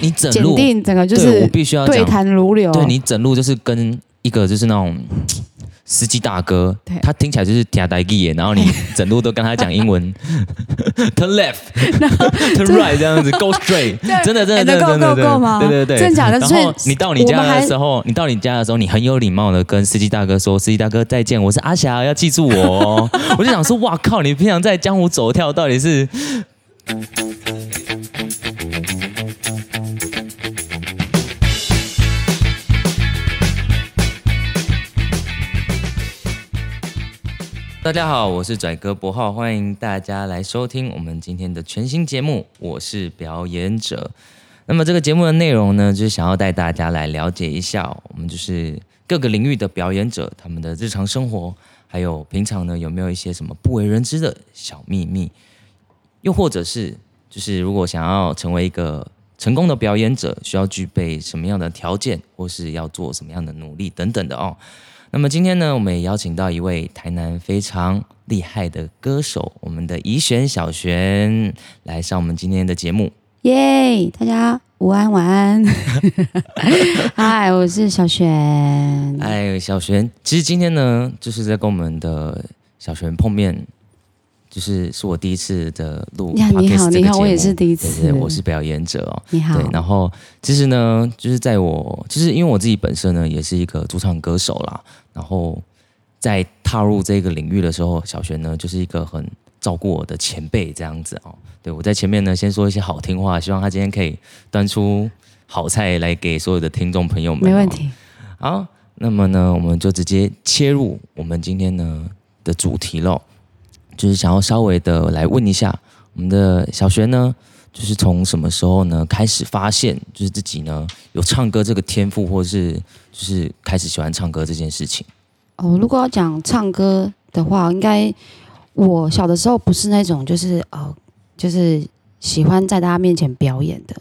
你整路定我必須要對談如流。對，你整路就是跟一個就是那種司機大哥，他聽起來就是嗲嗲的，然後你整路都跟他講英文，turn left，turn right 這樣子，go straight。真的真的真的真的，夠嗎？對對對，真假的。然後你到你家的時候，你到你家的時候，你很有禮貌的跟司機大哥說：“司機大哥再見，我是阿霞，要記住我哦。”我就想說：“哇靠，你平常在江湖走跳到底是？”大家好，我是跩哥博皓，歡迎大家來收聽我們今天的全新節目《我是表演者》。那麼這個節目的內容呢，就是想要帶大家來了解一下、哦，我們就是各個領域的表演者，他們的日常生活，還有平常呢有沒有一些什麼不為人知的小秘密，又或者是就是如果想要成為一個成功的表演者，需要具備什麼樣的條件，或是要做什麼樣的努力等等的哦。那麼今天呢，我們也邀請到一位台南非常厲害的歌手，我們的怡璇小璇來上我們今天的節目。耶，yeah, 大家午安，晚安。嗨， 我是小璇。嗨，小璇，其實今天呢，就是在跟我們的小璇碰面。就是是我第一次的錄，你好，你好，我也是第一次，對對對，我是表演者哦，你好，對，然後其實呢，就是在我，就是因為我自己本身呢，也是一個主唱歌手啦，然後在踏入這個領域的時候，小璇呢就是一個很照顧我的前輩這樣子哦，對，我在前面呢先說一些好聽話，希望他今天可以端出好菜來給所有的聽眾朋友們哦，沒問題。好，那麼呢，我們就直接切入我們今天呢的主題嘍。就是想要稍微的來問一下我們的小璇呢，就是從什麼時候呢開始發現，就是自己呢有唱歌這個天賦，或是就是開始喜歡唱歌這件事情。哦，如果要講唱歌的話，應該我小的時候不是那種就是哦，就是喜歡在大家面前表演的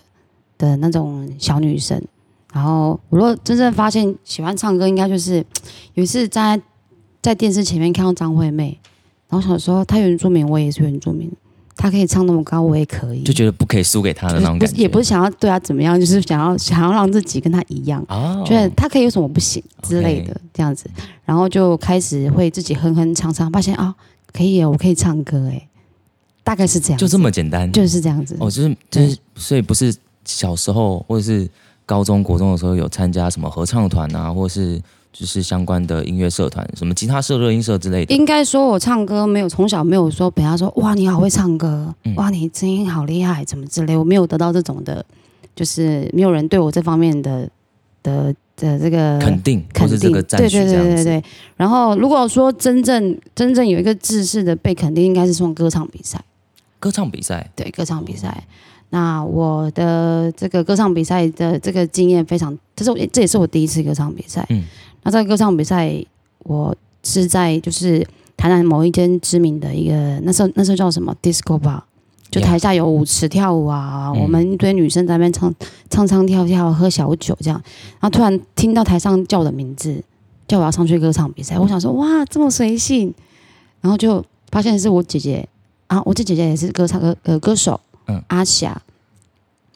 的那種小女生。然後，我若真正發現喜歡唱歌，應該就是有一次在在電視前面看到張惠妹。然後小時候，他原住民，我也是原住民，他可以唱那麼高，我也可以，就覺得不可以輸給他的那種感覺。不是也不是想要對他怎麼樣，就是想要想要讓自己跟他一樣，就是、哦、他可以有什麼不行之類的、哦 okay、這樣子。然後就開始會自己哼哼唱唱，發現啊、哦，可以，我可以唱歌，哎，大概是這樣，就這麼簡單，就是這樣子。哦，就是就是，對所以不是小時候或者是高中國中的時候有參加什麼合唱團啊，或是。就是相關的音樂社團，什麼吉他社、熱音社之類的。應該說，我唱歌沒有從小沒有說，比方說哇，你好會唱歌，嗯、哇，你聲音好厲害，怎麼之類，我沒有得到這種的，就是沒有人對我這方面的的的,的這個肯定，肯定是這個讚許這樣對,對對對對對。然後，如果說真正真正有一個正式的被肯定，應該是從歌唱比賽。歌唱比賽，對，歌唱比賽。嗯、那我的這個歌唱比賽的這個經驗非常，這是我、欸、這也是我第一次歌唱比賽。嗯。那這個歌唱比賽，我是在就是台南某一間知名的一個，那時候那時候叫什麼 disco bar，就台下有舞池跳舞啊，我們一堆女生在那邊唱唱唱跳跳喝小酒這樣，然後突然聽到台上叫我的名字，叫我要上去歌唱比賽，我想說，哇，這麼隨性，然後就發現是我姐姐啊，我這姐姐也是歌唱歌呃歌手，嗯，阿霞，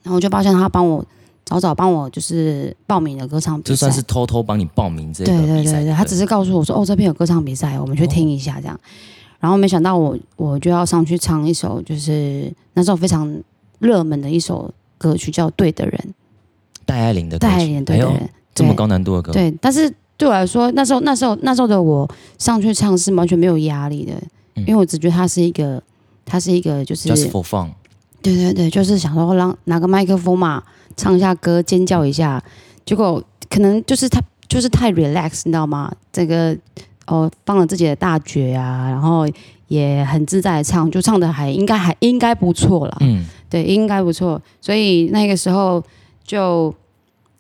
然後我就發現她幫我。早早幫我就是報名的歌唱比賽，就算是偷偷幫你報名這樣對，對對對對，他只是告訴我說：“哦，這邊有歌唱比賽，我們去聽一下這樣。哦”然後沒想到我我就要上去唱一首，就是那時候非常熱門的一首歌曲，叫《對的人》。戴愛玲的。戴愛玲的對的人對對、哎，這麼高難度的歌對。對，但是對我來說，那時候那時候那時候的我上去唱是完全沒有壓力的，嗯、因為我只覺得他是一個他是一個就是。就是。Just for fun。對對對，就是想說讓拿個麥克風嘛，唱一下歌，尖叫一下。結果可能就是他就是太 relaxed，你知道嗎？這個哦放了自己的大絕啊，然後也很自在的唱，就唱的還應該還應該不錯啦。嗯，對，應該不錯。所以那個時候就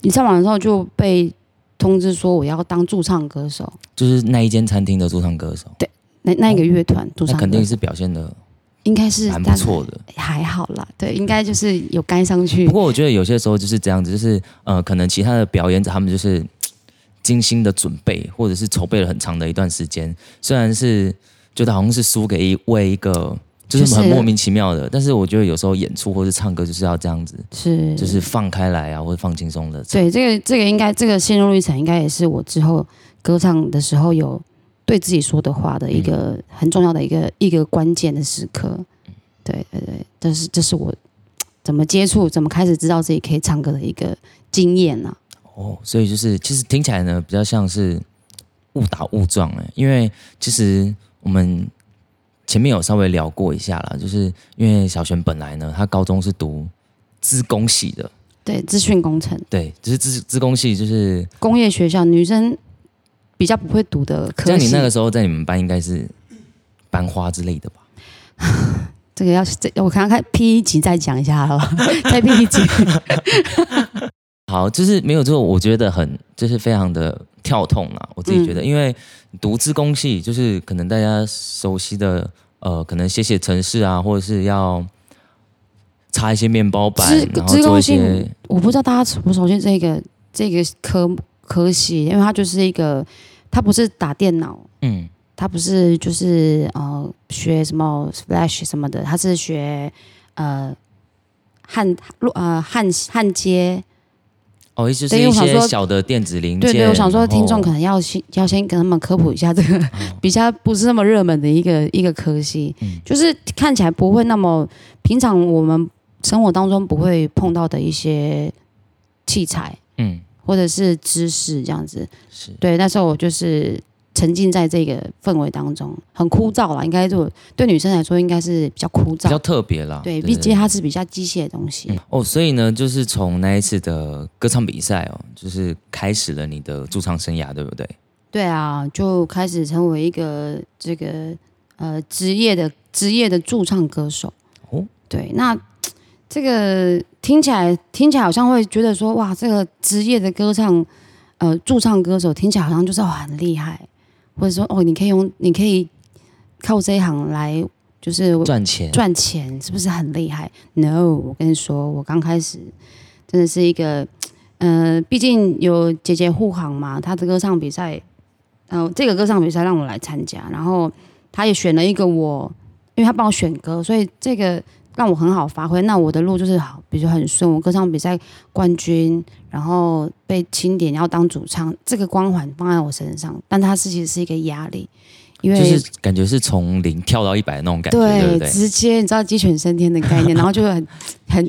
你上網的時候就被通知說我要當駐唱歌手，就是那一間餐廳的駐唱歌手。對，那那一個樂團駐、哦、唱。那肯定是表現的。應該是還不錯的，還好啦。對，應該就是有幹上去，嗯。不過我覺得有些時候就是這樣子，就是呃，可能其他的表演者他們就是精心的準備，或者是籌備了很長的一段時間。雖然是覺得好像是輸給一位一個，就是很莫名其妙的。就是，但是我覺得有時候演出或者唱歌就是要這樣子，是就是放開來啊，或者放輕鬆的。對，這個這個應該這個心路歷程，應該也是我之後歌唱的時候有對自己說的話的一個很重要的一個一個關鍵的時刻，對對對，但是這是我怎麼接觸、怎麼開始知道自己可以唱歌的一個經驗呢、啊？哦，所以就是其實聽起來呢，比較像是誤打誤撞哎，因為其實我們前面有稍微聊過一下啦，就是因為小璇本來呢，她高中是讀資工系的，對，資訊工程，對，就是資資工系，就是工業學校，女生。.比較不會讀的科系，像你那個時候在你們班應該是班花之類的吧？ 這個要是這，我看看 P 一集再講一下嘍， 再 P 一集。 好，就是沒有做，我覺得很就是非常的跳痛啊，我自己覺得，嗯、因為讀資工系，就是可能大家熟悉的呃，可能寫寫程式啊，或者是要插一些麵包板，資然後做一些我，我不知道大家熟不熟悉這個這個科目。科系，因為它就是一個，它不是打電腦，嗯，它不是就是呃學什麼 Flash 什麼的，他是學呃焊，呃焊焊、呃、接。哦，意、就、思是一些小的電子零件。對對，我想說，哦、聽眾可能要先要先跟他們科普一下這個、哦、比較不是那麼熱門的一個一個科系，嗯、就是看起來不會那麼平常我們生活當中不會碰到的一些器材，嗯。或者是知識這樣子，是對。那時候我就是沉浸在這個氛圍當中，很枯燥啦。應該就對女生來說，應該是比較枯燥，比較特別啦。對，畢竟它是比較機械的東西，嗯。哦，所以呢，就是從那一次的歌唱比賽哦，就是開始了你的駐唱生涯，對不對？對啊，就開始成為一個這個呃職業的職業的駐唱歌手。哦，對，那這個。聽起來，聽起來好像會覺得說，哇，這個職業的歌唱，呃，駐唱歌手聽起來好像就是很厲害，或者說，哦，你可以用，你可以靠這一行來，就是賺錢，賺錢是不是很厲害？No，我跟你說，我剛開始真的是一個，呃，畢竟有姐姐護航嘛，她的歌唱比賽，然後這個歌唱比賽讓我來參加，然後她也選了一個我，因為她幫我選歌，所以這個。讓我很好發揮，那我的路就是好，比如很順。我歌唱比賽冠軍，然後被欽點要當主唱，這個光環放在我身上，但它是其實是一個壓力，因為就是感覺是從零跳到一百那種感覺。對，對對，直接你知道雞犬升天的概念，然後就很 很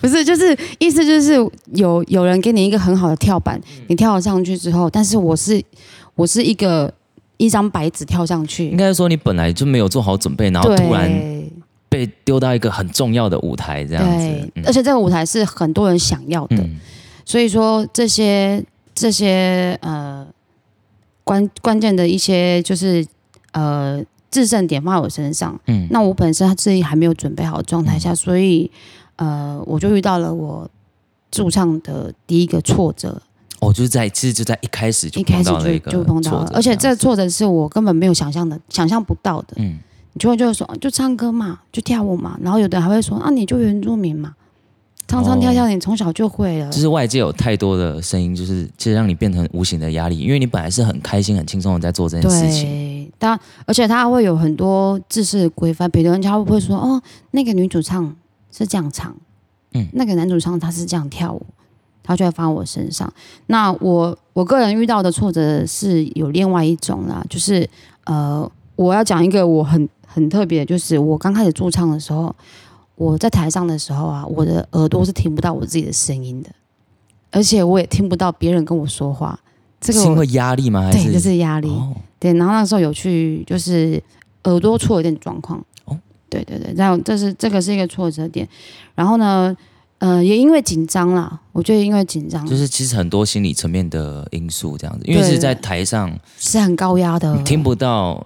不是，就是意思就是有有人給你一個很好的跳板，嗯、你跳了上去之後，但是我是我是一個一張白紙跳上去，應該說你本來就沒有做好準備，然後突然。對被丟到一個很重要的舞臺，這樣子，對嗯、而且這個舞臺是很多人想要的，嗯、所以說這些這些呃關關鍵的一些就是呃制勝點放在我身上，嗯，那我本身自己還沒有準備好的狀態下，嗯、所以呃我就遇到了我駐唱的第一個挫折，哦，就是在其實就在一開始就碰到了一開始就就碰到了，而且這個挫折是我根本沒有想象的想象不到的，嗯。就會就說就唱歌嘛，就跳舞嘛，然後有的人還會說啊，你就原住民嘛，唱唱跳跳，oh, 你從小就會了。就是外界有太多的聲音，就是其實讓你變成無形的壓力，因為你本來是很開心、很輕鬆的在做這件事情。對，但而且他會有很多制式規範，比如人家會不會說哦，那個女主唱是這樣唱，嗯，那個男主唱他是這樣跳舞，他就會放我身上。那我我個人遇到的挫折是有另外一種啦，就是呃，我要講一個我很。很特別，就是我剛開始駐唱的時候，我在台上的時候啊，我的耳朵是聽不到我自己的聲音的，而且我也聽不到別人跟我說話。這個是壓力嗎？還是對，就是壓力。哦、對，然後那時候有去，就是耳朵出了一點狀況。對、哦、對對對，那這是這個是一個挫折點。然後呢，呃，也因為緊張啦，我覺得因為緊張，就是其實很多心理層面的因素這樣子，因為是在台上是很高壓的，你聽不到。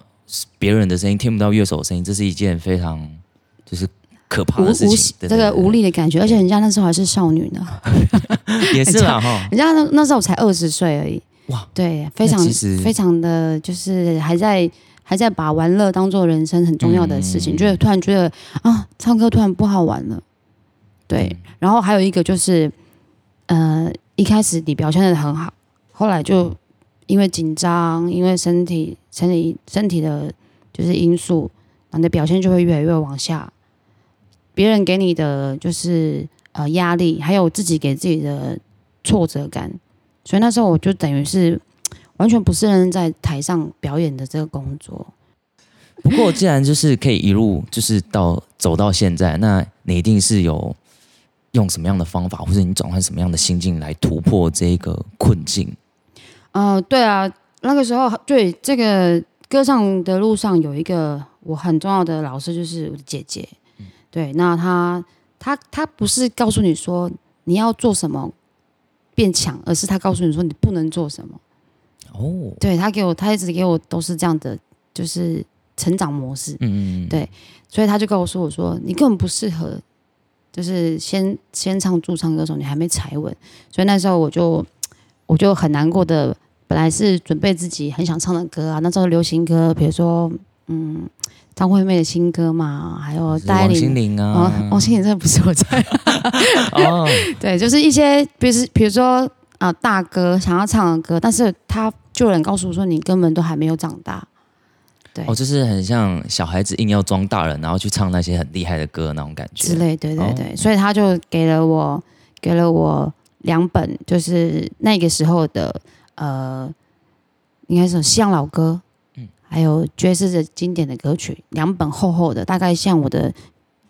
別人的聲音聽不到，樂手的聲音，這是一件非常就是可怕的事情，無無這個無力的感覺，對 而且人家那時候還是少女呢，對 也是哈。人家那那時候才二十歲而已，哇，對，非常非常的就是還在還在把玩樂當做人生很重要的事情，就是、嗯、突然覺得啊，唱歌突然不好玩了。對，嗯、然後還有一個就是，呃，一開始你表現得很好，後來就。嗯因為緊張，因為身體、身體、身體的，就是因素，你的表現就會越來越往下。別人給你的就是呃壓力，還有自己給自己的挫折感，所以那時候我就等於是完全不是人在台上表演的這個工作。不過，既然就是可以一路就是到 走到現在，那你一定是有用什麼樣的方法，或者你轉換什麼樣的心境來突破這個困境？哦、呃，對啊，那個時候對這個歌唱的路上有一個我很重要的老師，就是我的姐姐。嗯、對，那她她她不是告訴你說你要做什麼變強，而是她告訴你說你不能做什麼。哦。對，她給我，她一直給我都是這樣的，就是成長模式。嗯、嗯、嗯。對，所以她就告訴我說：“你根本不適合，就是先先唱駐唱歌手，你還沒踩穩。”所以那時候我就我就很難過的。本來是準備自己很想唱的歌啊，那時候流行歌，比如說嗯，張惠妹的新歌嘛，還有帶是王心凌、啊、啊、哦，王心凌真的不是我在，哦， 對，就是一些，比如是，比如說啊、呃，大歌想要唱的歌，但是他就有人告訴我說你根本都還沒有長大，對，哦，就是很像小孩子硬要裝大人，然後去唱那些很厲害的歌那種感覺，之類，對對對，對，哦，所以他就給了我給了我兩本，就是那個時候的。呃，應該是西洋老歌，嗯，還有爵士的經典的歌曲，兩本厚厚的，大概像我的，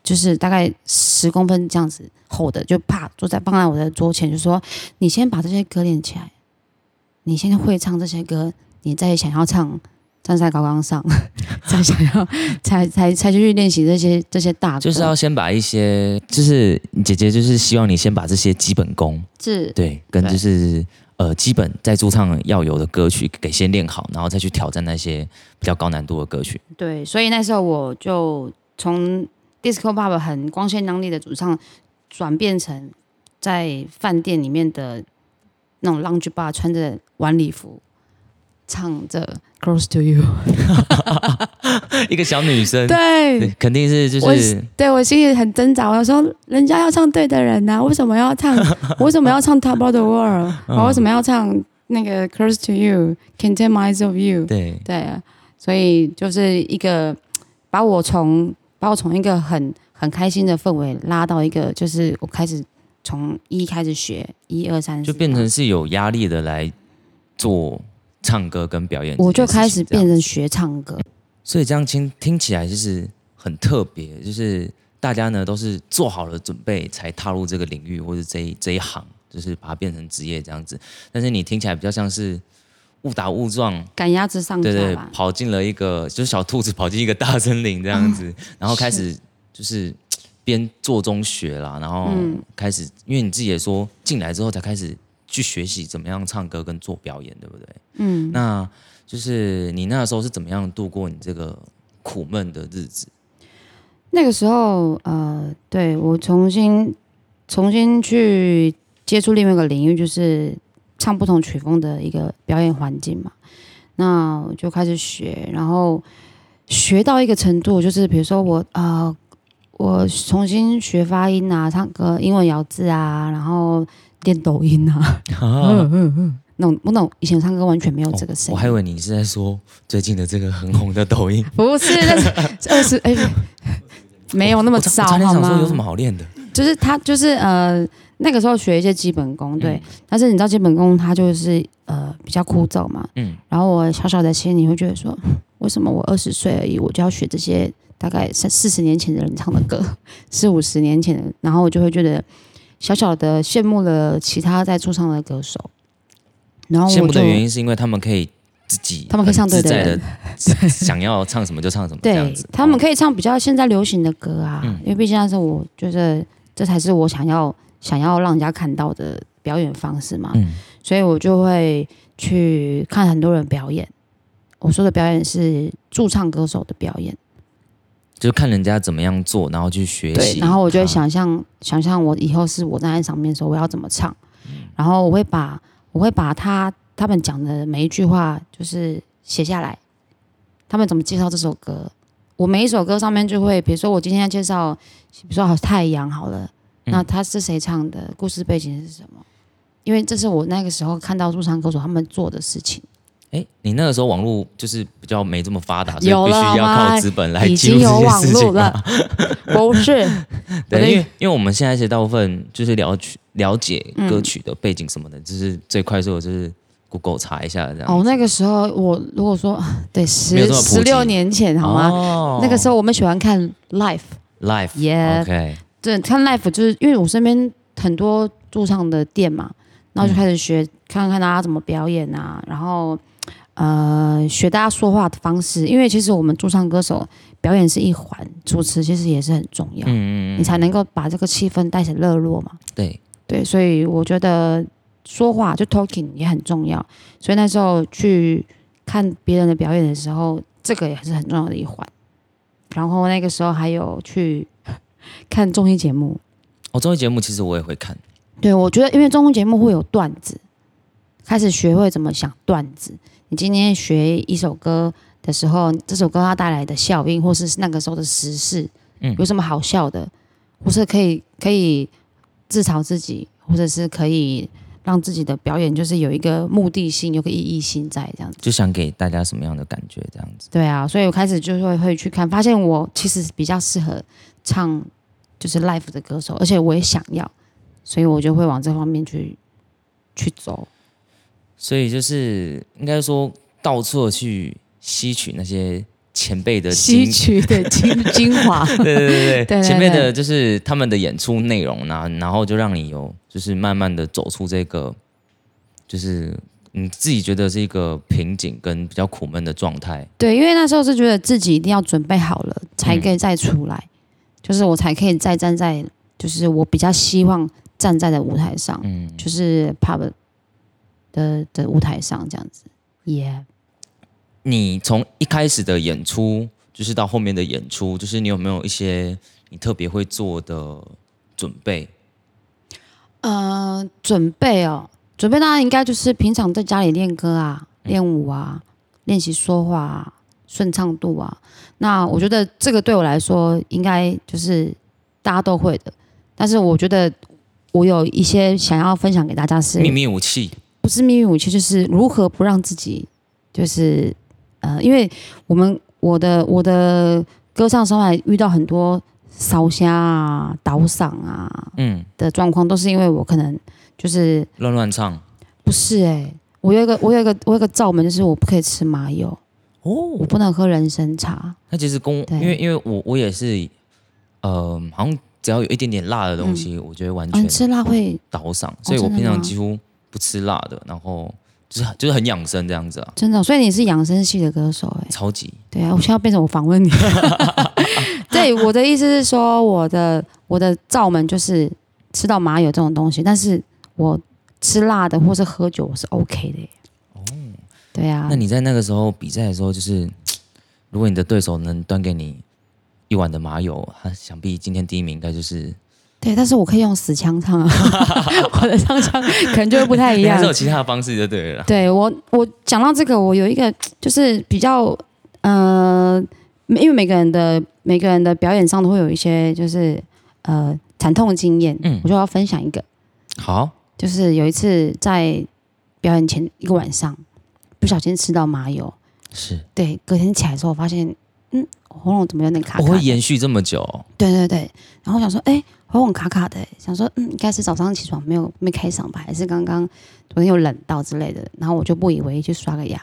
就是大概十公分這樣子厚的，就啪坐在放在我的桌前，就說你先把這些歌練起來，你現在會唱這些歌，你再想要唱站在高崗上，再想要才才才去練習這些這些大，就是要先把一些，就是姐姐就是希望你先把這些基本功是，對，跟就是。呃，基本在駐唱要有的歌曲給先練好，然後再去挑戰那些比較高難度的歌曲。對，所以那時候我就從 disco pub 很光鮮亮麗的主唱，轉變成在飯店裡面的那種 lounge bar 穿着晚禮服。唱着 Close to You。 一個小女生，對，對，肯定是就是我對我心裡很掙扎。我說，人家要唱對的人吶、啊，為什麼要唱？為 什麼要唱 Top of the World？嗯啊、我為什麼要唱那個 Close to You？Can't Take My Eyes of You？對對，所以就是一個把我從把我從一個很很開心的氛圍拉到一個，就是我開始從一開始學一二三，1, 2, 3, 4, 就變成是有壓力的來做。唱歌跟表演，我就開始變成學唱歌，所以這樣聽聽起來就是很特別，就是大家呢都是做好了準備才踏入這個領域或者是這這一行，就是把它變成職業這樣子。但是你聽起來比較像是誤打誤撞，趕鴨子上，對對，跑進了一個對就是小兔子跑進一個大森林這樣子，嗯、然後開始就是邊是做中學啦，然後開始，嗯、因為你自己也說進來之後才開始。去學習怎麼樣唱歌跟做表演，對不對？嗯，那就是你那個時候是怎麼樣度過你這個苦悶的日子？那個時候，呃，對，我重新重新去接觸另外一個領域，就是唱不同曲風的一個表演環境嘛。那我就開始學，然後學到一個程度，就是比如說我呃，我重新學發音啊，唱歌英文咬字啊，然後。練抖音啊？嗯嗯嗯，呵呵呵那我，我那我以前唱歌完全沒有這個聲。哦，我還以為你是在說最近的這個很紅的抖音。不是，那是二十，哎，沒有那麼早好嗎？哦，說有什麼好練的好？就是他，就是呃，那個時候學一些基本功，對。嗯，但是你知道基本功，他就是呃比較枯燥嘛。嗯。然後我小小的心裡會覺得說，為什麼我二十歲而已，我就要學這些大概三四十年前的人唱的歌，四五十年前的，然後我就會覺得。小小的羨慕了其他在駐唱的歌手，然後我羨慕的原因是因為他們可以自己，他們可以自在的，想要唱什麼就唱什麼，對，他們可以唱比較現在流行的歌啊，嗯，因為畢竟那是我就是這才是我想要想要讓人家看到的表演方式嘛，嗯，所以我就會去看很多人表演，我說的表演是駐唱歌手的表演。就看人家怎麼樣做，然後去學習。對，然後我就會想象，想象我以後是我站在上面的時候，我要怎麼唱。嗯、然後我會把，我會把他他們講的每一句話就是寫下來。他們怎麼介紹這首歌？我每一首歌上面就會，比如說我今天要介紹，比如說好太陽好了，嗯、那他是誰唱的？故事背景是什麼？因為這是我那個時候看到駐唱歌手他們做的事情。哎，你那個時候網絡就是比較沒這麼發達，所以必須要靠資本來記錄這些事情，啊，了。不是，對，因為因為我們現在是大部分就是了解了解歌曲的背景什麼的，嗯、就是最快速，我就是 Google 查一下這樣。哦，那個時候我如果說對十十六年前好嗎？哦，那個時候我們喜歡看 Live Live yeah 對，看 Live 就是因為我身邊很多駐唱的店嘛，然後就開始學，嗯，看看大，啊，家怎麼表演啊，然後。呃，學大家說話的方式，因為其實我們駐唱歌手表演是一環，主持其實也是很重要，嗯，你才能夠把這個氣氛帶成熱絡嘛。對對，所以我覺得說話就 talking 也很重要。所以那時候去看別人的表演的時候，這個也是很重要的一環。然後那個時候還有去看綜藝節目。哦，綜藝節目其實我也會看。對，我覺得因為綜藝節目會有段子，開始學會怎麼想段子。你今天學一首歌的時候，這首歌它帶來的效應，或是那個時候的時事，嗯，有什麼好笑的，或是可以可以自嘲自己，或者是可以讓自己的表演就是有一個目的性，有個意義性在這樣子，就想給大家什麼樣的感覺，這樣子。對啊，所以我開始就會會去看，發現我其實比較適合唱就是 live 的歌手，而且我也想要，所以我就會往這方面去去走。所以就是應該說，到處去吸取那些前輩的吸取的精 精華，對對對對，對對對前輩的就是他們的演出內容呢、啊，然後就讓你有就是慢慢的走出這個，就是你自己覺得是一個瓶頸跟比較苦悶的狀態。對，因為那時候是覺得自己一定要準備好了才可以再出來，嗯、就是我才可以再站在，就是我比較希望站在的舞台上，嗯，就是 pub。的的舞台上這樣子，也、yeah。你從一開始的演出，就是到後面的演出，就是你有沒有一些你特別會做的準備？呃，準備哦，準備當然應該就是平常在家裡練歌啊、練、嗯、舞啊、練習說話順、啊、暢度啊。那我覺得這個對我來說應該就是大家都會的，但是我覺得我有一些想要分享給大家是秘密武器。不是秘密武器，就是如何不讓自己，就是，呃，因為我們我的我的歌唱生涯遇到很多燒聲啊、倒嗓啊、嗯的狀況，都是因為我可能就是亂亂唱。不是誒、欸，我有一個我有一個我有個罩門，就是我不可以吃麻油哦，我不能喝人參茶。那其實公對因為因為我我也是，嗯、呃，好像只要有一點點辣的東西，嗯、我覺得完全、嗯、吃辣會倒嗓，所以我平常幾乎、哦。不吃辣的，然後就是就是很養生這樣子啊，真的，所以你是養生系的歌手？哎、欸，超級對啊，我現在變成我訪問你了， 對，我的意思是說，我的我的罩門就是吃到麻油這種東西，但是我吃辣的或是喝酒我是 OK 的。欸、哦，對啊，那你在那個時候比賽的時候，就是如果你的對手能端給你一碗的麻油，他想必今天第一名應該就是。對，但是我可以用死腔唱啊， 我的唱腔可能就會不太一樣。你 是有其他的方式就對了。對我，我講到這個，我有一個就是比較呃，因為每個人的每個人的表演上都會有一些就是呃慘痛經驗。嗯，我就要分享一個。好，就是有一次在表演前一個晚上，不小心吃到麻油。是。對，隔天起來之後，發現嗯我喉嚨怎麼有點卡、卡？我會延續這麼久。哦？對對對。然後我想說，哎、欸。喉嚨卡卡的，想說，嗯，應該是早上起床沒有沒開嗓吧，還是剛剛昨天又冷到之類的。然後我就不以為意，就刷個牙，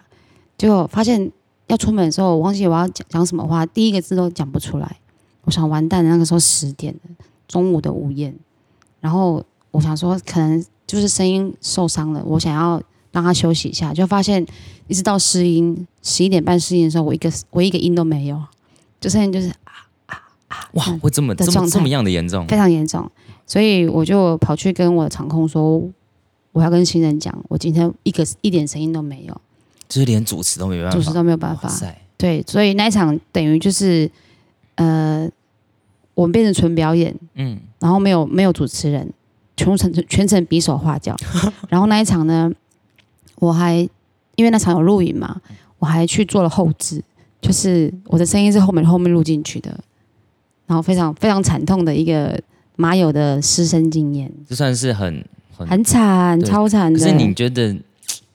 結果發現要出門的時候，我忘記我要講講什麼話，第一個字都講不出來。我想完蛋，那個時候十點，中午的午宴。然後我想說，可能就是聲音受傷了，我想要讓他休息一下，就發現一直到試音，十一點半試音的時候，我一個我一個音都沒有，就聲音就是。啊！哇，會這麼、這麼、這麼樣的嚴重，非常嚴重。所以我就跑去跟我的場控說：“我要跟新人講，我今天一個一點聲音都沒有，就是連主持都沒辦法，主持都沒有辦法。哇塞”對，所以那一場等於就是，呃，我們變成純表演，嗯，然後沒有沒有主持人，全程全程比手畫腳。 然後那一場呢，我還因為那場有錄影嘛，我還去做了後製，就是我的聲音是後面後面錄進去的。然後非常非常慘痛的一個麻友的失聲經驗，這算是很很，很慘、對超慘的。可是你覺得，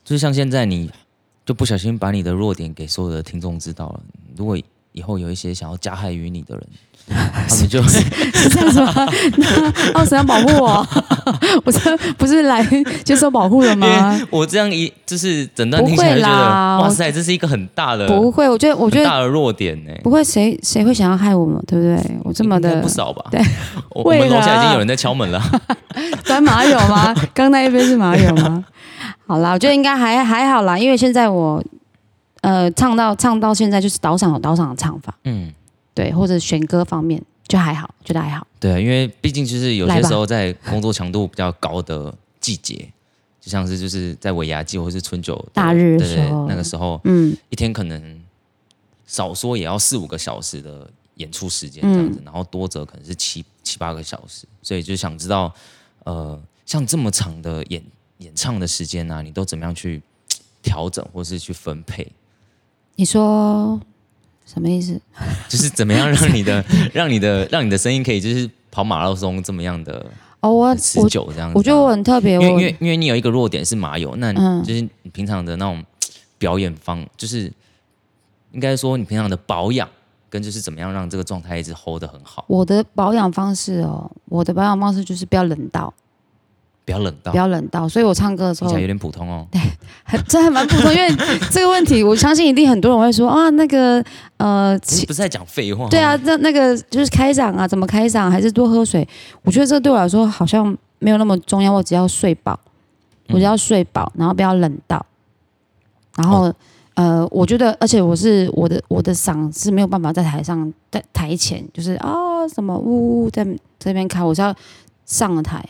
就像現在你就不小心把你的弱點給所有的聽眾知道了，如果以後有一些想要加害於你的人。你就是 是這樣子啊！那二嬸要保護我， 我這不是來接受保護的嗎？我這樣一就是整段聽起來覺得，不會啦，哇塞，這是一個很大的，不會，我覺得我覺得大的弱點呢、欸。不會，誰誰會想要害我們，對不對？我這麼的不少吧？對，啊、我樓下已經有人在敲門了。真 馬友嗎？剛那一邊是馬友嗎？ 好啦，我覺得應該還還好啦，因為現在我呃唱到唱到現在就是島上有島上的唱法，嗯。對，或者選歌方面就還好，覺得還好。對，因為畢竟就是有些時候在工作強度比較高的季節，吧就像是就是在尾牙季或是春酒大日，對，那個時候，嗯，一天可能少說也要四五個小時的演出時間這樣子，嗯、然後多則可能是七七八個小時，所以就想知道，呃，像這麼長的演演唱的時間啊，你都怎麼樣去調整或是去分配？你說。什麼意思？ 就是怎麼樣讓你的、 讓你的、讓你的聲音可以就是跑馬拉松這麼樣的哦，oh, 我我持久這樣子我。我覺得我很特別，因為因為因為你有一個弱點是麻油，那你、嗯、就是你平常的那種表演方，就是應該說你平常的保養跟就是怎麼樣讓這個狀態一直 hold 得很好。我的保養方式哦，我的保養方式就是不要冷到。不要冷到，不要冷到，所以我唱歌的時候有點普通哦。對，真還這還蠻普通， 因為這個問題，我相信一定很多人會說啊，那個呃，你不是在講廢話？對啊，那那個就是開嗓啊，怎麼開嗓？還是多喝水？我覺得這對我來說好像沒有那麼重要，我只要睡飽，我只要睡飽，嗯、然後不要冷到，然後、哦、呃，我覺得，而且我是我的我的嗓子沒有辦法在台上在台前，就是啊、哦、什麼嗚嗚，在這邊開，我是要上了台。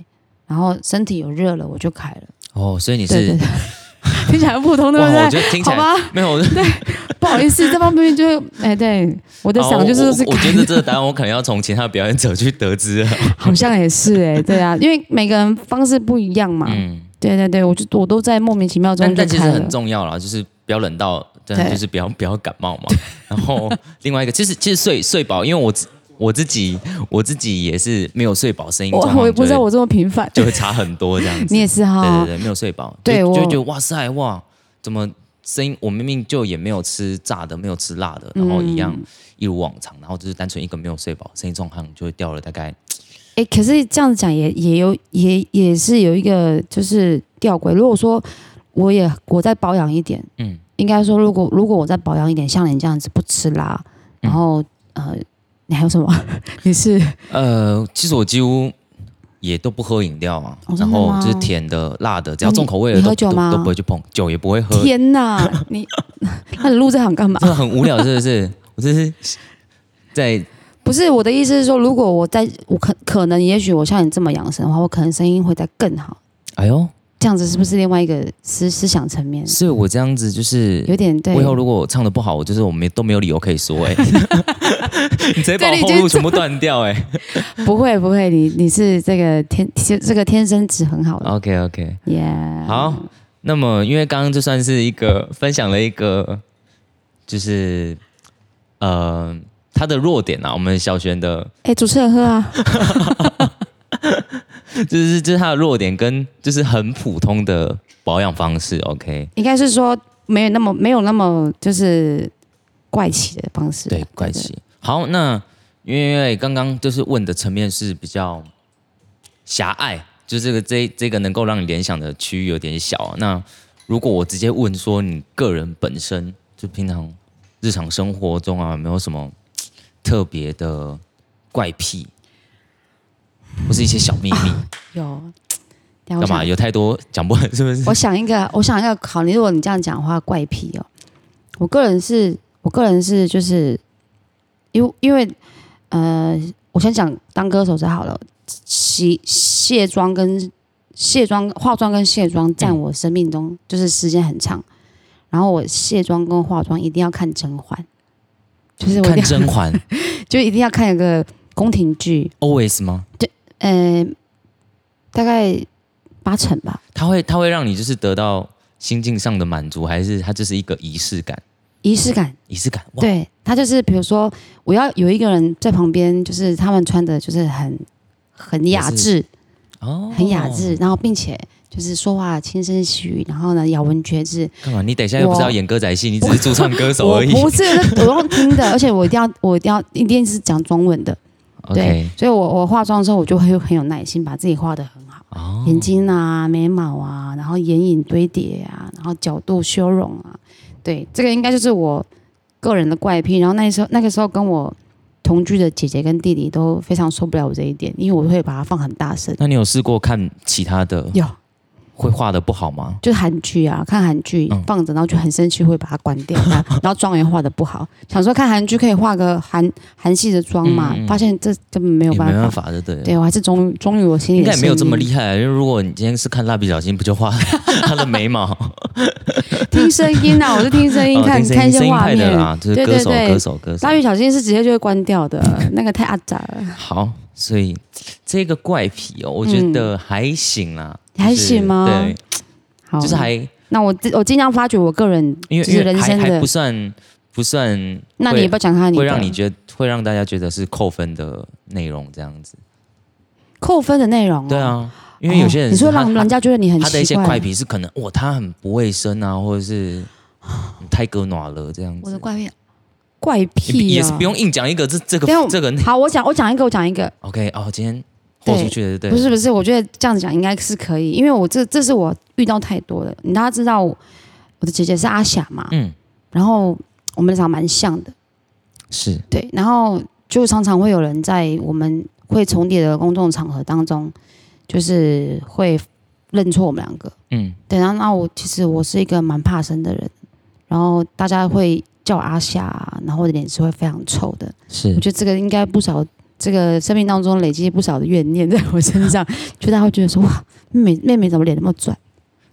然後身體有熱了，我就開了。哦，所以你是聽起來很普通，對不對？好吧，沒有，對，不好意思，這方面就是哎，對，我的想就是我覺得這個答案我可能要從其他表演者去得知。好像也是，哎，對啊，因為每個人方式不一樣嘛。嗯，對對對，我就我都在莫名其妙中就開了。但其實很重要啦，就是不要冷到，對，就是不要不要感冒嘛。然後另外一個，其實其實睡睡飽，因為我。我自己我自己也是沒有睡飽，聲音我我也不知道我這麼頻繁就會差很多這樣子。你也是哈？對對對，沒有睡飽，對我就，就覺得我哇塞哇，怎麼聲音？我明明就也沒有吃炸的，沒有吃辣的，然後一樣一如往常，嗯、然後就是單純一個沒有睡飽，聲音狀況就會掉了大概。哎、欸，可是這樣子講也也有也也是有一個就是吊詭，如果說我也我再保養一點，嗯，應該說如果如果我再保養一點，像你這樣子不吃辣，然後、嗯、呃。你還有什麼？你是呃，其實我幾乎也都不喝飲料嘛，哦、然後就是甜的、辣的，只要重口味的，你喝酒嗎？都都不會去碰，酒也不會喝。天哪，你 那你錄這行幹嘛？這很無聊是不是？ 我這是在，不是我的意思是說，如果我在我可可能也許我像你這麼養生的話，我可能聲音會再更好。哎呦！這樣子是不是另外一個思思想層面？是我這樣子就是有點對、哦。以後如果我唱得不好，我就是我沒都沒有理由可以說、欸，哎， 你直接把我後路全部斷掉、欸，哎， 不會不會，你你是這個天這個天生質，很好的。OK OK Yeah。好，那麼因為剛剛就算是一個分享了一個，就是呃他的弱點啊我們小璇的。哎、欸，主持人喝啊。 就是就是他的弱點，跟就是很普通的保養方式，OK，應該是說沒有那麼沒有那麼就是怪奇的方式，對怪奇。對對對。好，那因為剛剛就是問的層面是比較狹隘，就是這個這這個能夠讓你聯想的區域有點小。那如果我直接問說你個人本身就平常日常生活中啊，沒有什麼特別的怪癖？不是一些小秘密，啊、有幹嘛？有太多講不完，是不是？我想一個，我想一個，好，你，如果你這樣講話，怪癖哦。我個人是，我個人是，就是因為因為呃，我先講當歌手就好了。洗卸妝跟卸妝化妝跟卸妝佔我生命中就是時間很長。嗯、然後我卸妝跟化妝一定要看甄嬛，就是我看甄嬛， 就一定要看一個宮廷劇。Always 嗎？對。呃，大概八成吧。他會他會讓你就是得到心境上的滿足，還是他就是一個儀式感？儀式感，儀式感。對，他就是，比如說我要有一個人在旁邊，就是他們穿的就是很很雅致哦，很雅致，然後並且就是說話輕聲細語，然後呢，咬文嚼字。幹嘛？你等一下又不是要演歌仔戲，我你只是駐唱歌手而已。我不是，不用聽的， 而且我一定要，我一定要，一定是講中文的。對，Okay. 所以我，我我化妝的時候，我就會很，很有耐心，把自己畫得很好，oh. 眼睛啊，眉毛啊，然後眼影堆疊啊，然後角度修容啊，對，這個應該就是我個人的怪癖。然後那時候，那個時候跟我同居的姐姐跟弟弟都非常受不了我這一點，因為我會把它放很大聲。那你有試過看其他的？有。會畫的不好嗎？就是韓劇啊，看韓劇放着，然後就很生氣，會把它關掉。然後妝也畫的不好，想說看韓劇可以畫個韓韓系的妝嘛，發現這根本沒有辦法。也沒辦法，這對。對我還是終終於我心裡應該沒有這麼厲害，因為如果你今天是看蠟筆小新，不就畫畫的眉毛？聽聲音啊，我是聽聲音，看看一些畫面。對對對，歌手歌手歌手，蠟筆小新是直接就會關掉的，那個太阿雜了。好，所以這個怪癖哦，我覺得還行啦還行嗎？對，就是還。那我我經常發覺，我個人因為人生的不算不算。那你也不要講他，你會讓你覺得會讓大家覺得是扣分的內容，這樣子。扣分的內容，對啊，因為有些人你說讓人家覺得你很他的一些怪癖是可能，哇，他很不衛生啊，或者是太割暖了這樣子。我的怪癖怪癖也是不用硬講一個，這這個這個好，我講我講一個，我講一個。OK，哦，今天。對，不是不是，我覺得這樣子講應該是可以，因為我這這是我遇到太多的，你大家知道我，我的姐姐是阿霞嘛，嗯，然後我們長得蠻像的，是對，然後就常常會有人在我們會重疊的公眾場合當中，就是會認錯我們兩個，嗯，對，然後那我其實我是一個蠻怕生的人，然後大家會叫我阿霞，然後我的臉是會非常臭的，是，我覺得這個應該不少。這個生命當中累積不少的怨念在我身上， 就他會覺得說哇，妹妹妹妹怎麼臉那麼轉？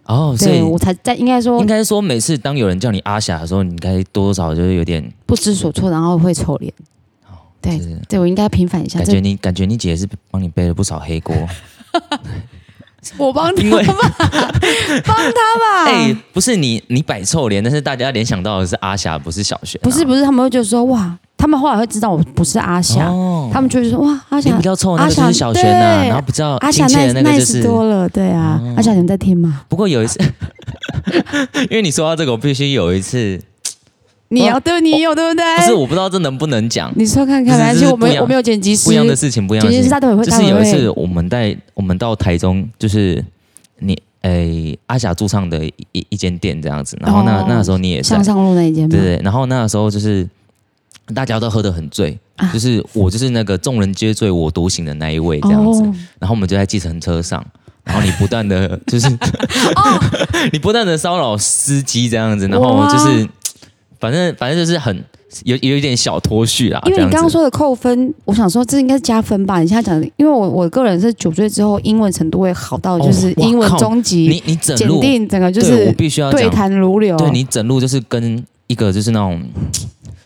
哦、oh,，所以，對我才在應該說應該說，每次當有人叫你阿霞的時候，你應該多少就是有點不知所措，然後會臭臉。Oh, 對是對，我應該要平反一下。感覺你這感覺你姐是幫你背了不少黑鍋。 我幫你、幫他吧。哎，不是你，你擺臭臉，但是大家聯想到的是阿霞，不是小璇，啊，不是，不是，他們會就說哇，他們後來會知道我不是阿霞，哦，他們就會說哇，阿霞，你比較臭的那個就是小璇呢，然後不知道阿霞那個就是多了，對啊，阿霞，嗯啊，你們在聽嗎？不過有一次，啊、 因為你說到這個，我必須有一次。你要對，你有對不對？不是，我不知道這能不能講。你說看看，而且我們我們有剪輯師。不一樣的事情，不一樣的事情。剪輯師他都很會。就是有一次，我們在我們到台中，就是你哎阿霞駐唱的一一間店這樣子。然後那那時候你也是。向上路那一間。對對。然後那時候就是大家都喝得很醉，就是我就是那個眾人皆醉我獨醒的那一位這樣子。然後我們就在計程車上，然後你不斷的就是，你不斷的騷擾司機這樣子，然後就是。反正反正就是很有有一點小脫序啦，因為你剛剛說的扣分，我想說這應該是加分吧？你現在講的，因為我我個人是酒醉之後，英文程度會好到就是英文中級、哦，你你整路，檢定整個就是我必須要對談如流，對，對你整路就是跟一個就是那種。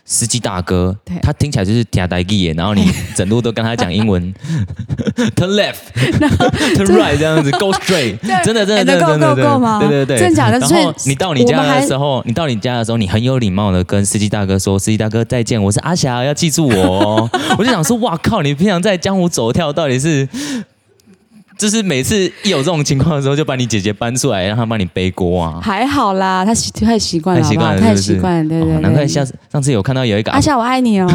司機大哥，對他聽起來就是嗲嗲的耶，然後你整路都跟他講英文 ，turn left，turn right，這樣子，go straight，真的真的真的真的，欸、真的夠夠夠對對對，真假的。然後你到你，你到你家的時候，你到你家的時候，你很有禮貌的跟司機大哥說：“司機大哥再見，我是阿霞，要記住我。”哦。」 我就想說：“哇靠，你平常在江湖走跳，到底是？”就是每次一有這種情況的時候，就把你姐姐搬出來，讓她幫你背鍋啊。還好啦，她太習慣了是是，太習慣了，太習慣了。對對,對、哦、難怪上次上次有看到有一個、啊、阿霞我愛你哦。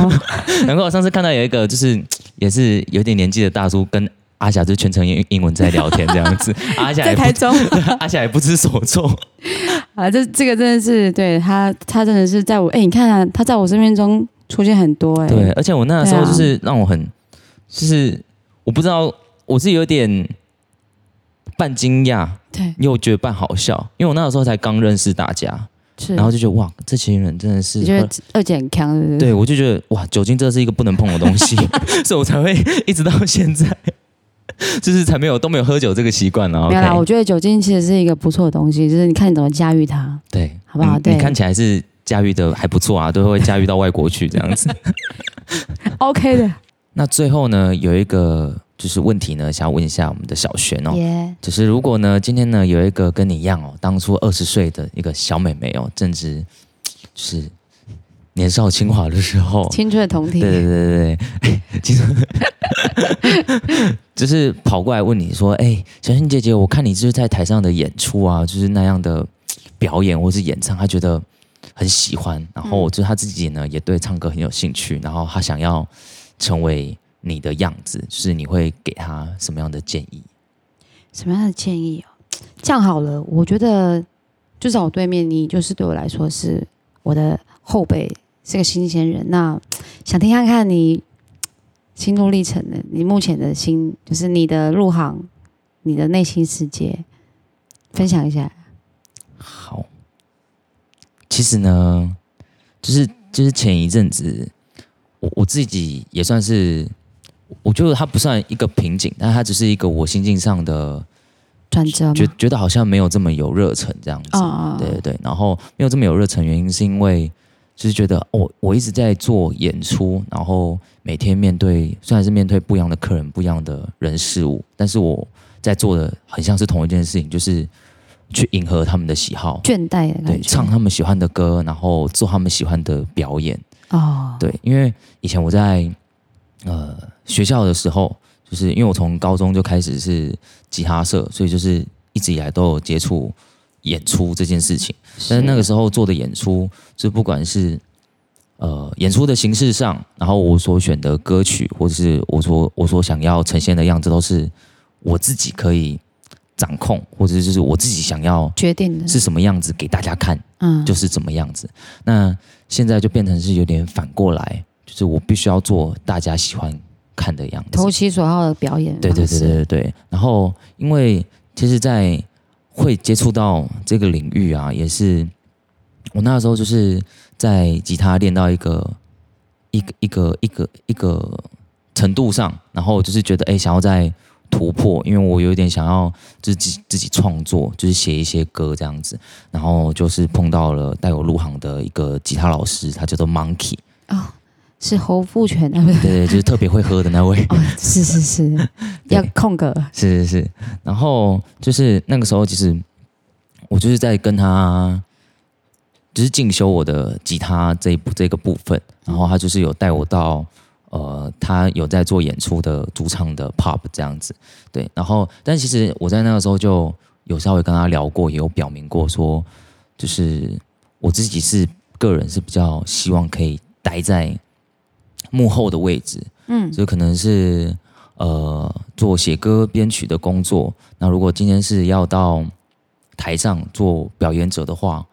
難怪我上次看到有一個就是也是有點年紀的大叔，跟阿霞就是、全程英英文在聊天這樣子。 阿霞在台中， 阿霞也不知所措。 啊，這這個真的是對他，他真的是在我哎、欸，你看、啊、他在我生命中出現很多哎。對，而且我那時候就是讓我很，啊、就是我不知道。我是有點半驚訝，對又覺得半好笑，因為我那個時候才剛認識大家，是然後就覺得哇，這群人真的是，我覺得二姐很鏘是不是？對，我就覺得哇，酒精真的是一個不能碰的東西， 所以我才會一直到現在，就是才沒有都沒有喝酒這個習慣了。沒有啦。OK 我覺得酒精其實是一個不錯的東西，就是你看你怎麼駕馭它，對，好不好？嗯、對你看起來是駕馭的還不錯啊，都會駕馭到外國去這樣子 ，OK 的。那最後呢，有一個。就是問題呢，想問一下我們的小璇哦，Yeah. 就是如果呢，今天呢有一個跟你一樣哦，當初二十歲的一個小妹妹哦，正值、就是年少輕狂的時候，青春同題，對對對對對， 就是跑過來問你說，哎、 欸，小璇姐姐，我看你就是在台上的演出啊，就是那樣的表演或是演唱，她覺得很喜歡，然後就是她自己呢也對唱歌很有興趣，然後她想要成為。你的樣子、就是你會給他什麼樣的建議？什麼樣的建議啊，這樣好了，我覺得就在我對面，你就是對我來說是我的後輩，是個新鮮人。那想聽看看你心路歷程的，你目前的心就是你的入行，你的內心世界，分享一下。好，其實呢，就是就是前一陣子，我我自己也算是。我覺得它不算一個瓶頸，但它只是一個我心境上的轉折，覺覺得好像沒有這麼有熱忱這樣子。Oh、對對對，然後沒有這麼有熱忱，原因是因為就是覺得哦，我一直在做演出，然後每天面對雖然是面對不一樣的客人、不一樣的人事物，但是我在做的很像是同一件事情，就是去迎合他們的喜好，倦怠，對，唱他們喜歡的歌，然後做他們喜歡的表演。哦，oh、對，因為以前我在。呃，學校的時候，就是因為我從高中就開始是吉他社，所以就是一直以來都有接觸演出這件事情。是的但是那個時候做的演出，就不管是呃演出的形式上，然後我所選的歌曲，或者是我所我所想要呈現的樣子，都是我自己可以掌控，或者就是我自己想要決定的是什麼樣子給大家看，嗯，就是怎麼樣子。那現在就變成是有點反過來。就是我必須要做大家喜歡看的樣子，投其所好的表演，啊。對，對對對對對然後，因為其實，在會接觸到這個領域啊，也是我那時候就是在吉他練到一個一個，一個一個一個一個一個程度上，然後就是覺得哎，欸，想要再突破，因為我有點想要就是自己自己創作，就是寫一些歌這樣子。然後就是碰到了帶我入行的一個吉他老師，他叫做 Monkey。是侯富全那位，對，對對，就是特別會喝的那位。 哦，是是是，對要空格。是是是，然後就是那個時候，其實我就是在跟他，就是進修我的吉他這一部這個部分。然後他就是有帶我到呃，他有在做演出的主唱的 pop 這樣子。對，然後但其實我在那個時候就有稍微跟他聊過，也有表明過說，就是我自己是個人是比較希望可以待在幕後的位置，嗯，所以可能是呃做寫歌編曲的工作。那如果今天是要到台上做表演者的話，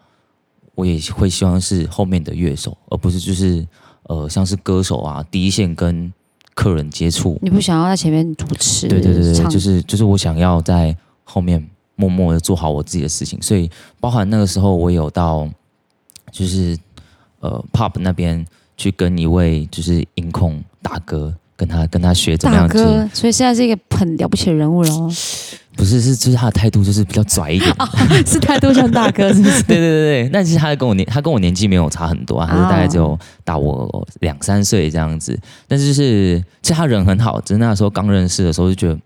我也會希望是後面的樂手，而不是就是呃像是歌手啊，第一線跟客人接觸。你不想要在前面主持，嗯？對對對對，唱就是就是我想要在後面默默的做好我自己的事情。所以，包含那個時候我有到就是呃 pop 那邊。去跟一位就是音控大哥，跟他跟他學怎麼樣。大哥歌，就是、所以現在是一個很了不起的人物了。不是，是就是他的態度就是比較拽一點，哦、是態度像大哥，是不是？對 對對對，那其實他跟我年，他跟我年紀沒有差很多啊，他是大概只有大我兩三歲這樣子。哦、但是就是其實他人很好，只、就是那時候剛認識的時候就覺得，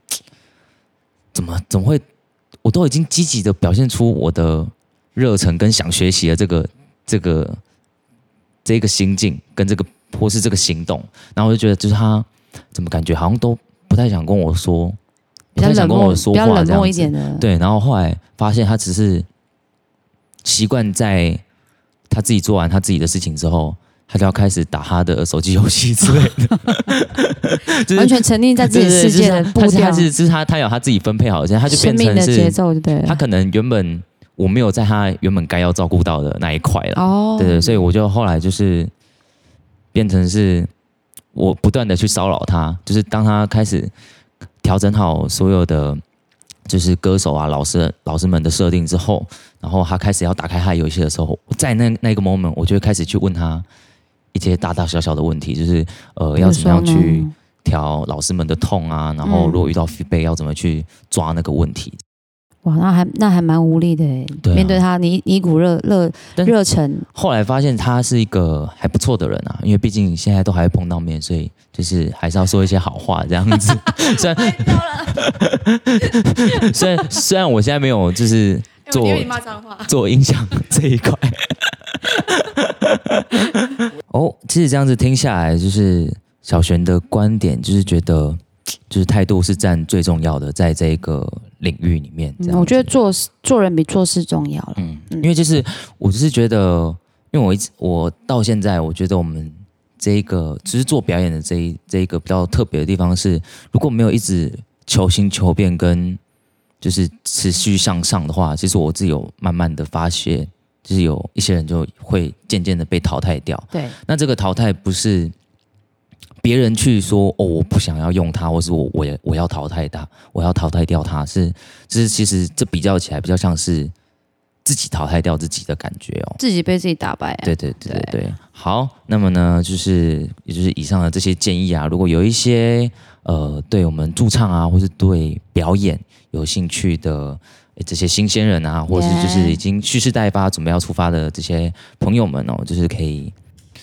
怎麼怎麼會？我都已經積極的表現出我的熱忱跟想學習的這個這個。這個心境跟這個或是這個行動，然後我就覺得，就是他怎麼感覺好像都不太想跟我說，比較冷漠不太想跟我說話這樣子。對，然後後來發現他只是習慣在他自己做完他自己的事情之後，他就要開始打他的手機遊戲之類的，完全沉溺在自己世界不、 就是，他是、就是他他，是他，他有他自己分配好，他就變成是的他可能原本。我沒有在他原本該要照顧到的那一塊了，哦，oh. 對，所以我就後來就是變成是我不斷的去騷擾他，就是當他開始調整好所有的就是歌手啊、老師、老師們的設定之後，然後他開始要打開他遊戲的時候，在那那個 moment，我就會開始去問他一些大大小小的問題，就是呃，要怎麼樣去調老師們的 tone 啊，然後如果遇到 feedback，要怎麼去抓那個問題。哇，那還那還蠻無力的哎，對啊、面對他你你一股熱熱熱忱，後來發現他是一個還不錯的人啊，因為畢竟現在都還會碰到面，所以就是還是要說一些好話這樣子。 雖然 雖然雖然我現在沒有就是做做音響這一塊。哦 oh, 其實這樣子聽下來，就是小璇的觀點，就是覺得。就是態度是占最重要的，在這個領域裡面，嗯、我覺得做事做人比做事重要了，嗯，因為就是，嗯、我只是覺得，因為我一直，我到現在，我覺得我們這一個只是做表演的這一這一個比較特別的地方是，如果沒有一直求新求變，跟就是持續向上的話，其實我自己有慢慢的發現，就是有一些人就會漸漸的被淘汰掉。對，那這個淘汰不是。別人去說哦，我不想要用它，或是我我我要淘汰它，我要淘汰掉它，是這、就是其實這比較起來比較像是自己淘汰掉自己的感覺哦，自己被自己打敗、啊。對對對對，對，對，對。好，那麼呢，就是也就是以上的這些建議啊，如果有一些呃，對我們駐唱啊，或是對表演有興趣的、欸、這些新鮮人啊，或者是就是已經蓄勢待發，準備要出發的這些朋友們哦，就是可以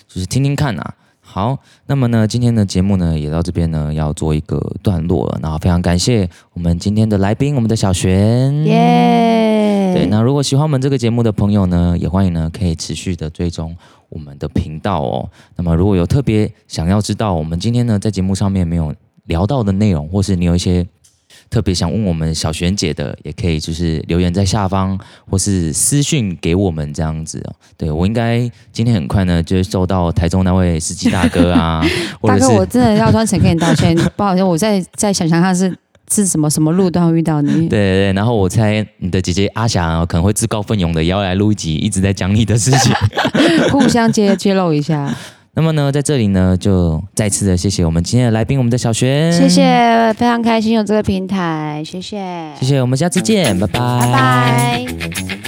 就是聽聽看啊。好，那麼呢，今天的節目呢，也到這邊呢，要做一個段落了。然後非常感謝我們今天的來賓，我們的小璇。耶 Yeah。對，那如果喜歡我們這個節目的朋友呢，也歡迎呢，可以持續的追蹤我們的頻道哦。那麼如果有特別想要知道我們今天呢，在節目上面沒有聊到的內容，或是你有一些特別想問我們小璇姐的，也可以就是留言在下方，或是私訊給我們這樣子哦。對，我應該今天很快呢，就會收到台中那位司機大哥啊。大哥，我真的要專程跟你道歉， 不好意思，我再再想想看是是什麼什麼路段遇到你。對對對，然後我猜你的姐姐阿翔哦，可能會自告奮勇的也要來錄一集，一直在講你的事情， 互相揭揭露一下。那麼呢，在這裡呢，就再次的謝謝我們今天的來賓，我們的小璇，謝謝，非常開心有這個平台，謝謝，謝謝，我們下次見，嗯，拜拜，拜拜。拜拜。